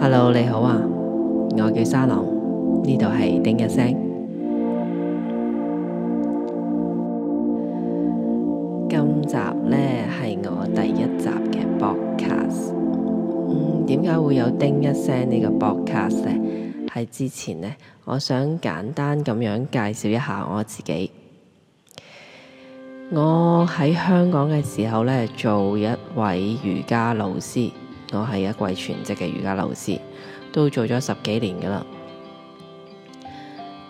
Hello，你好啊，我叫沙朗，呢度係叮一聲。今集呢係我第一集嘅 Podcast。嗯，點解會有叮一聲呢個 Podcast 呢？係之前呢，我想簡單咁樣介紹一下我自己。我喺香港嘅時候呢，做一位瑜伽老師。我係一位全職嘅瑜伽老師，都做咗十幾年㗎喇。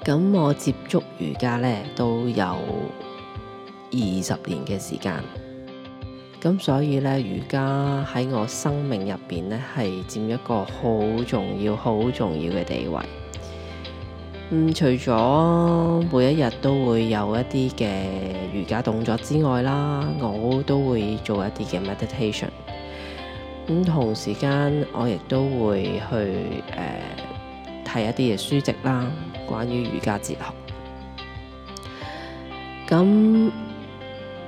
咁我接觸瑜伽呢，都有二十年嘅時間，咁所以呢，瑜伽喺我生命入邊呢，係佔一個好重要、好重要嘅地位。咁、嗯、除咗每一日都會有一啲嘅瑜伽動作之外啦，我都會做一啲嘅 meditation。咁同時間，我亦都會去誒睇、呃、一啲嘅書籍啦，關於儒家哲學。咁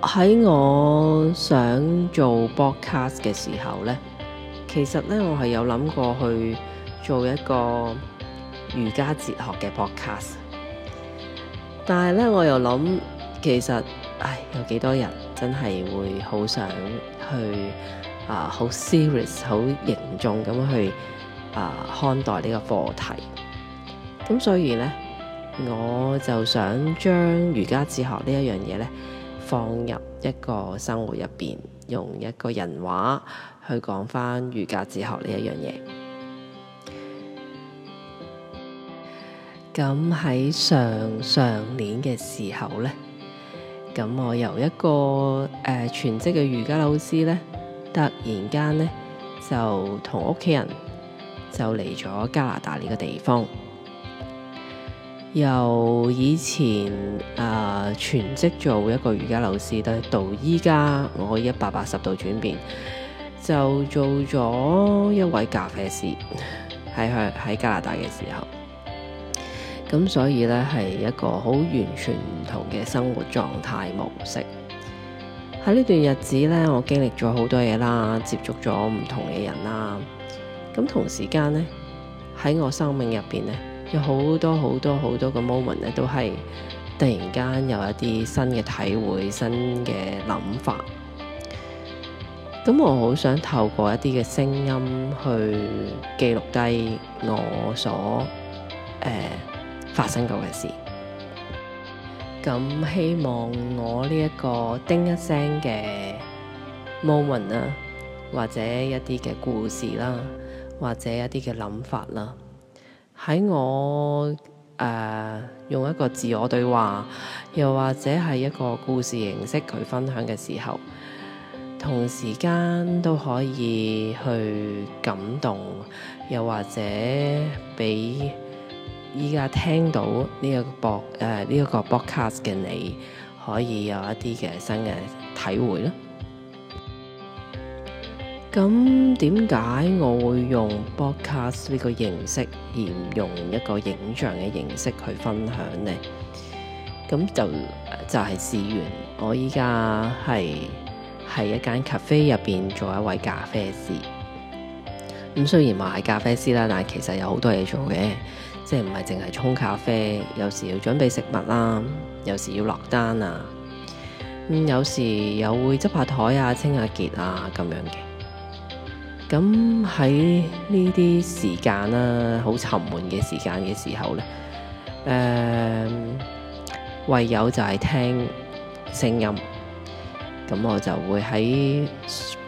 喺我想做 p o d 嘅時候呢，其實呢，我係有諗過去做一個儒家哲學嘅 p o d 但係呢，我又諗其實，唉，有幾多人真係會好想去？啊，好、uh, serious，好凝重咁去啊、uh, 看待呢個課題。咁所以呢，我就想將瑜伽哲學呢一樣嘢呢，放入一個生活入邊，用一個人話去講翻瑜伽哲學呢一樣嘢。咁喺上上年嘅時候呢，咁我由一個誒、呃、全職嘅瑜伽老師呢。突然間咧，就同屋企人就嚟咗加拿大呢個地方。由以前啊、呃、全職做一個瑜伽老師，到依家我一百八十度轉變，就做咗一位咖啡師。喺喺喺加拿大嘅時候，咁所以咧係一個好完全唔同嘅生活狀態模式。喺呢段日子咧，我經歷咗好多嘢啦，接觸咗唔同嘅人啦。咁同時間咧，喺我生命入邊咧，有好多好多好多嘅 moment 咧，都係突然間有一啲新嘅體會、新嘅諗法。咁我好想透過一啲嘅聲音去記錄低我所誒、呃、發生過嘅事。咁希望我呢一個叮一聲嘅 moment 啊，或者一啲嘅故事啦，或者一啲嘅諗法啦，喺我誒用一個自我對話，又或者係一個故事形式去分享嘅時候，同時間都可以去感動，又或者俾，依家聽到呢一個播誒呢一個 broadcast 嘅你，可以有一啲嘅新嘅體會咯。咁點解我會用 broadcast 呢個形式，而唔用一個影像嘅形式去分享呢？咁就就係、是、試完。我依家係係一間 cafe 入邊做一位咖啡師。咁雖然話係咖啡師啦，但係其實有好多嘢做嘅。即係唔係淨係沖咖啡，有時要準備食物啦，有時要落單啊，咁有時又會執下台啊、清下潔啊咁樣嘅。咁喺呢啲時間啦，好沉悶嘅時間嘅時候咧，誒、呃，唯有就係聽聲音。咁我就會喺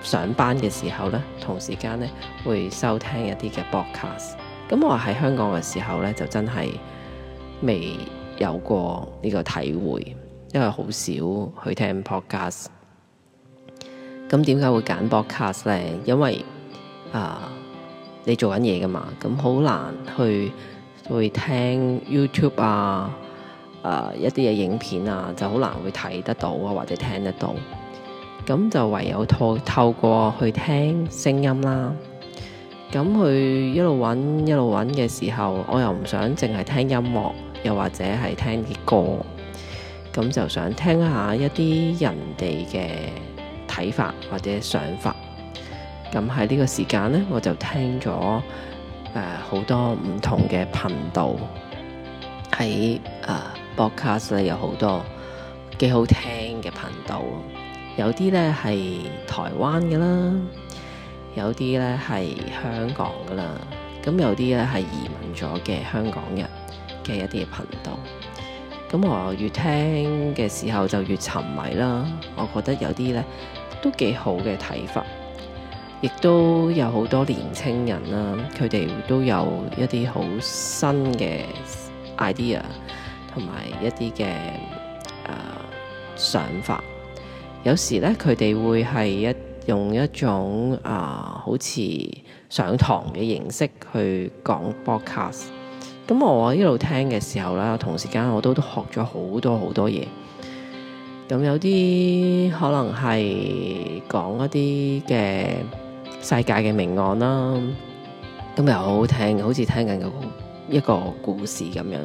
上班嘅時候咧，同時間咧會收聽一啲嘅 Podcast。咁我喺香港嘅時候咧，就真係未有過呢個體會，因為好少去聽 Podcast。咁點解會揀 Podcast 咧？因為、呃、啊，你做緊嘢噶嘛，咁好難去會聽 YouTube 啊，啊一啲嘅影片啊，就好難會睇得到啊，或者聽得到。咁就唯有透透過去聽聲音啦。咁佢一路揾一路揾嘅時候，我又唔想淨係聽音樂，又或者係聽啲歌，咁就想聽一下一啲人哋嘅睇法或者想法。咁喺呢個時間呢，我就聽咗誒好多唔同嘅頻道，喺誒 Podcast 呢有好多幾好聽嘅頻道，有啲呢係台灣嘅啦。有啲咧係香港㗎喇，咁有啲咧係移民咗嘅香港人嘅一啲頻道。咁我越聽嘅時候就越沉迷啦。我覺得有啲咧都幾好嘅睇法，亦都有好多年青人啦，佢哋都有一啲好新嘅 idea 同埋一啲嘅誒想法。有時咧，佢哋會係一用一種啊、呃，好似上堂嘅形式去講 podcast，咁我一路聽嘅時候啦，同時間我都，都學咗好多好多嘢。咁有啲可能係講一啲嘅世界嘅命案啦，咁又好好聽，好似聽緊一個故事咁樣。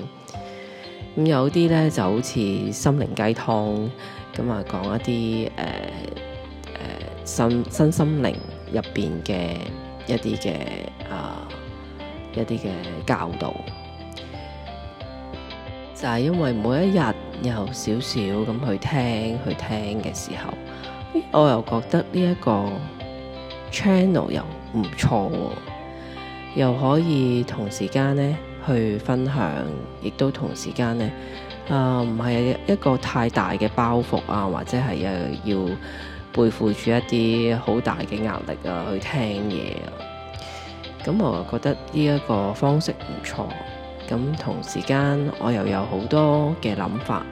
咁有啲咧就好似心靈雞湯咁啊，講一啲誒。呃新新心靈入邊嘅一啲嘅啊，一啲嘅教導，就係因為每一日有少少咁去聽去聽嘅時候，我又覺得呢一個 channel 又唔錯，又可以同時間呢去分享，亦都同時間呢，啊，唔係一個太大嘅包袱啊，或者係啊要。要背負住一啲好大嘅壓力啊，去聽嘢啊，咁我又覺得呢一個方式唔錯。咁同時間我又有好多嘅諗法，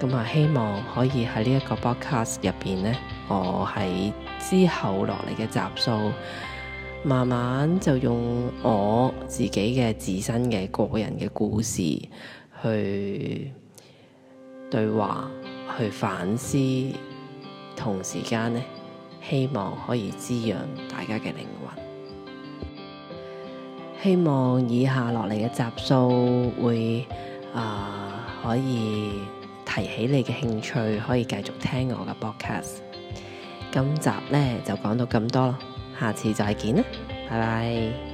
咁啊希望可以喺呢一個 Podcast 入邊呢，我喺之後落嚟嘅集數，慢慢就用我自己嘅自身嘅個人嘅故事去對話，去反思。同時間呢，希望可以滋養大家嘅靈魂。希望以下落嚟嘅集數會啊、呃、可以提起你嘅興趣，可以繼續聽我嘅 podcast。今集呢，就講到咁多咯，下次再見啦，拜拜。